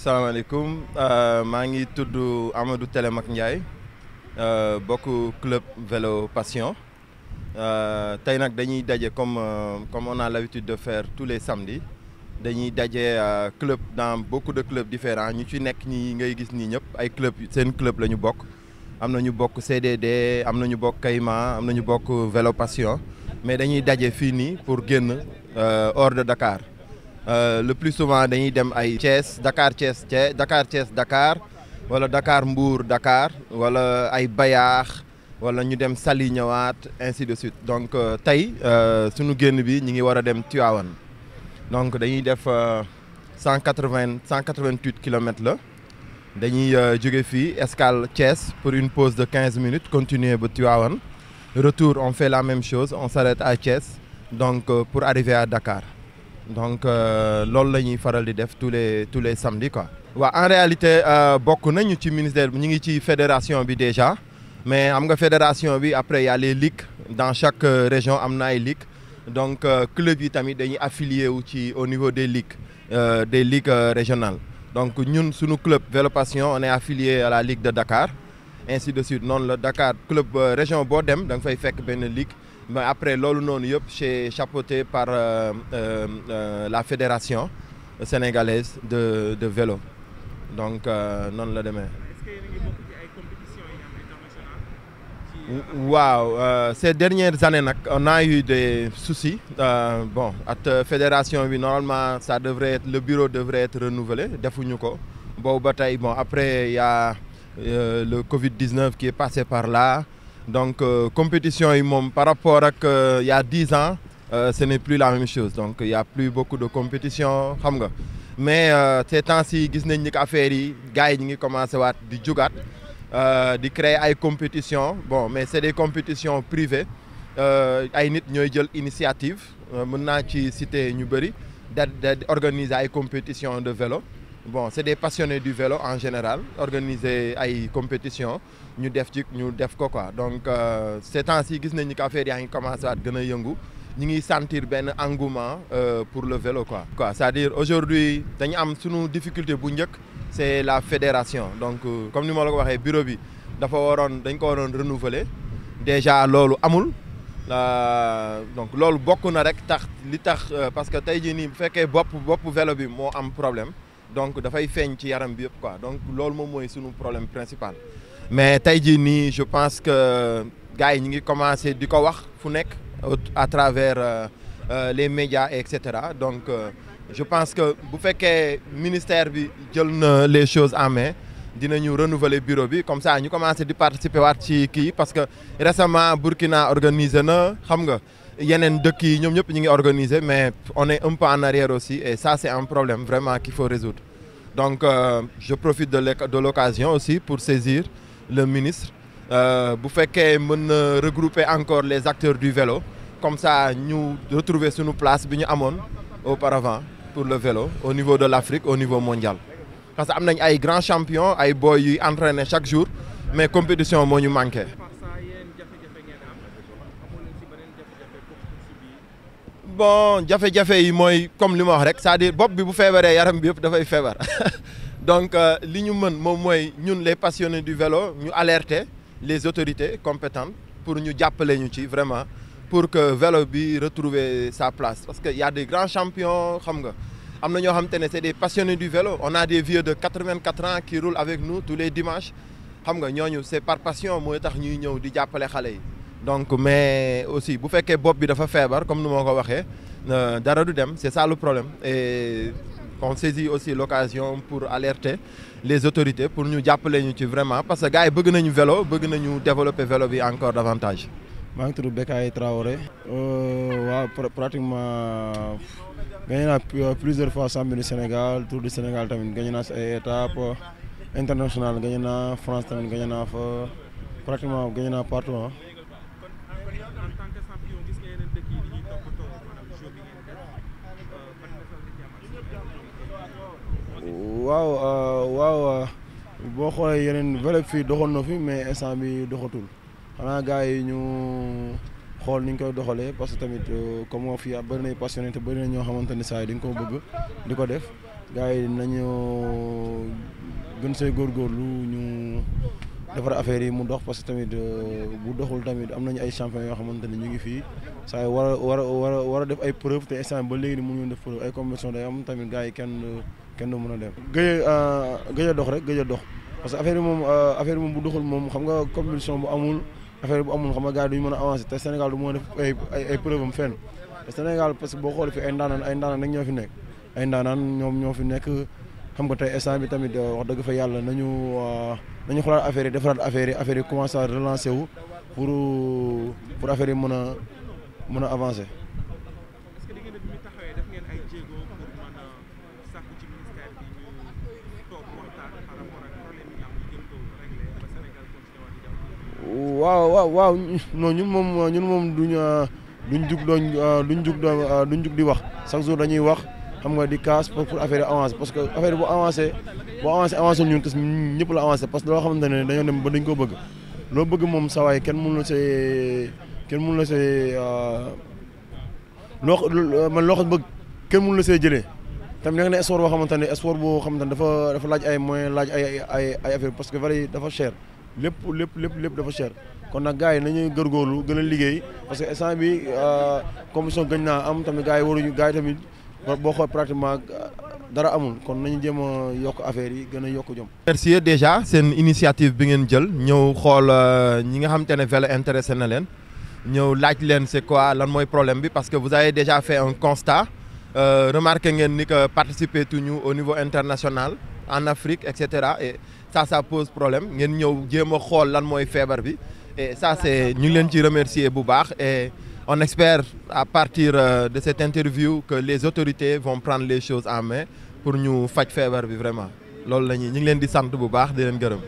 salaamaaleykum euh, maa ngi tudd Amadou Télémac Ndiaye euh, bokk club vélo passion euh, tey nag dañuy daje comme comme on a l'habitude de faire tous les samedis dañuy daje club dans beaucoup de clubs différents ñu ci nekk ñi ngay gis nii ñëpp ay club seen club la ñu bokk am na ñu bokk CDD am na ñu bokk Kayma am na ñu bokk vélo passion mais dañuy daje fii nii pour génn hors de Dakar Euh, le plus souvent dañuy dem ay Thiès Dakar Thiès Thiès Dakar Thiès wala dakaar Mbour Dakar wala ay Bayaax wala ñu dem Saly ñëwaat ainsi de suite donc euh, tey euh, sunu génn bi ñu ngi war a dem Tivaouane donc dañuy def cent quatre vingt cent quatre vingt huit kilomètres la dañuy jóge fii escale Thiès pour une pause de quinze minutes continuer ba Tivaouane retour on fait la même chose on s'arrête à Thiès donc pour arriver à Dakar. donc euh, loolu la ñuy faral di def tous les tous les samedis quoi. waa en réalité euh, bokk nañu ci ministère ñu ngi ci fédération bi déjà mais am nga fédération bi après y a les ligues dans chaque euh, région am na ay ligues donc club yi tamit dañuy affilié wu ci au niveau des ligues des ligues régionales donc ñun sunu club Vélo Passion on est affilié à la ligue de Dakar ainsi de suite noonu la Dakar club région boo dem da nga fay fekk benn ligue. mais après loolu noonu yëpp c'est chapeauté par euh, euh, euh, la fédération sénégalaise de de vélo donc noonu la demee. waaw ces dernières années nag on a eu des soucis bon at fédération bi normalement ça devrait être le bureau devrait être renouvelé defuñu ko bo ba tey bon après ya y a le Covid 19 qui est passé par là. donc euh, compétition yi moom par rapport ak il euh, y dix ans euh, ce n'est plus la même chose donc il y a plus beaucoup de compétition xam nga mais ces temps yi gis nañ ni que affaire yi gars yi ñu ngi commencé waat di jugaat di créer ay compétition bon mais c'est des compétitions privées ay nit ñooy jël initiative mën naa ci citer ñu bëri da da organiser ay compétition de vélo bon c'est des passionnés du vélo en général organiser ay compétition ñu def ci ñu def ko quoi donc euh, ces temps-ci gis nañ ni que affaire yaa ngi commencé at gën a yëngu ñu ngi sentir benn engouement euh, pour le vélo quoi. quoi c'est-à-dire aujourd'hui dañu am sunu difficulté bu njëkk c'est la fédération donc euh, comme ni ma la ko waxee bureau bi dafa waroon dañ ko waroon renouveler déjà loolu amul. donc loolu bokk na rek tax li tax parce que tey jii nii bu fekkee bopp bopp vélo bi moo am problème. donc dafay feeñ ci yaram bi yëpp quoi donc loolu moom mooy sunu problème principal mais tey jii nii je pense que gars yi ñu ngi commencé di ko wax fu nekk à travers euh, euh, les médias et cetera donc euh, je pense que bu fekkee ministère bi jël na les choses en main dinañu renouveler bureau bi comme ça ñu commencé di participer waat ci kii parce que récemment Burkina organiser na xam nga yeneen dëkk yi ñoom ñëpp ñu ngi organiser mais on est un peu en arrière aussi et ça c'est un problème vraiment qu'il faut résoudre donc euh, je profite de l'occasion aussi pour saisir le ministre euh, bu fekkee mën na regrouper encore les acteurs du vélo comme ça ñu retrouver suñu place bi ñu amoon auparavant pour le vélo au niveau de l'Afrique au niveau mondial parce que am nañ ay grands champions ay boy yuy chaque jour mais compétition moo ñu manqué bon jafe-jafe yi mooy comme li ma wax rek cest à bopp bi bu feebaree yaram bi yëpp dafay feebar donc euh, li ñu mën moom mooy ñun les passionnés du vélo ñu alerte les autorités compétentes pour ñu jàppale ñu ci vraiment pour que vélo bi retrouver sa place parce que ya a des grands xam nga am na ñoo xam te ne c'est des passionnés du vélo on a des vieux de quatre-vingt-quatre ans qui roulent avec nous tous les dimanches xam nga ñooñu c'est par passion mooy tax ñuy ñëw di jàppale xale yi donc mais aussi bu fekkee bopp bi dafa feebar comme ni ma ko waxee euh, dara du dem c'est ça le problème et on saisit aussi l'occasion pour alerte les autorités pour ñu jàppale ñu ci vraiment parce que gars yi bëgg nañu vélo bëgg nañu développer vélo bi encore davantage. maa ngi tudd Bekay Traoré. Euh, waaw pratiquement gagné naa plusieurs fois champion du Sénégal tour du Sénégal tamit gagné naa si ay étapes internationales naa France tamit gagné naa fa pratiquement gagné naa partout waaw euh, waaw euh, boo xoolee yeneen vélop fii doxoon na fi mais instant bi doxatul xanaa gars yi ñu xool ni ñu koy doxalee parce que tamit euh, comme moo fii bëri nay passionné te bëri na ñoo xamante ne saa yi dañ ko bëgg di ko def gars yi nañu gën say góorgóorlu ñu defar affaire yi mu dox parce que tamit euh, bu doxul tamit am nañu ay champion yoo xamante ne ñu ngi fii saa war a war war a war a def ay preuve te instant ba léegi mu mënuñu def preuve ay day am tamit gars yi kenn kenn mën a dem. gëj a euh, gëj a gëj a dox parce que affaire moom euh, affaire bi bu doxul moom xam nga compétition bu amul affaire bu amul xam nga gars yi mën a avancer Sénégal du mën a def ay preuve am fenn Sénégal parce que boo xoolee fi ay ndaanaan ay ndaanaan rek ñoo fi nekk ay ñoom ñoo fi nekk. xam nga tey instant bi tamit euh, wax dëgg fa yàlla nañu euh, nañu xoolaat affaire yi defaraat affaire yi affaire a commencé pour pour affaire yi mën a mën a avancer. waaw waaw waaw moom ñun moom duñ euh, jug doon duñ jug jug di wax chaque jour dañuy wax. xam nga di kaas pour pour affaire yi avancé parce que affaire bu avancé bu avancé avancé ñun ñëpp la avancé parce que loo xamante ne dañoo dem ba dañ ko bëgg loo bëgg moom sawaay kenn mënu la see kenn mun la see ah, loo man loo xam bëgg kenn mënu la see jëlee tamit nekk na sport boo xamante ne sport boo xamante ne dafa dafa laaj ay moyens laaj ay ay ay affaire parce que valeur dafa cher lépp lépp lépp lépp dafa cher kon nag gars yi nañuy gërgóorlu gën a liggéey parce que instant bi ah, commission gëñ naa am tamit gars yi waruñu gars yi tamit boo xool pratiquement dara amul kon nañu jéem a yokk affaire yi gën a yokk jom. merci déjà seen initiative bi ngeen jël ñëw xool euh, ñi nga xam te ne vélo intéressé na leen ñëw laaj leen c'est quoi lan mooy problème bi parce que vous avez déjà fait un constat euh, remarqué ngeen ni que participer tuñu au niveau international en Afrique et cetera et ça ça pose problème ngeen ñëw jéem a xool lan mooy feebar bi et ça c'est ñu ngi leen ci remercier bu baax et. On espère à partir euh, de cette interview que les autorités vont prendre les choses en main pour ñu faj feebar bi vraiment loolu la ñuy ñu ngi leen di sant bu baax di leen gërëm.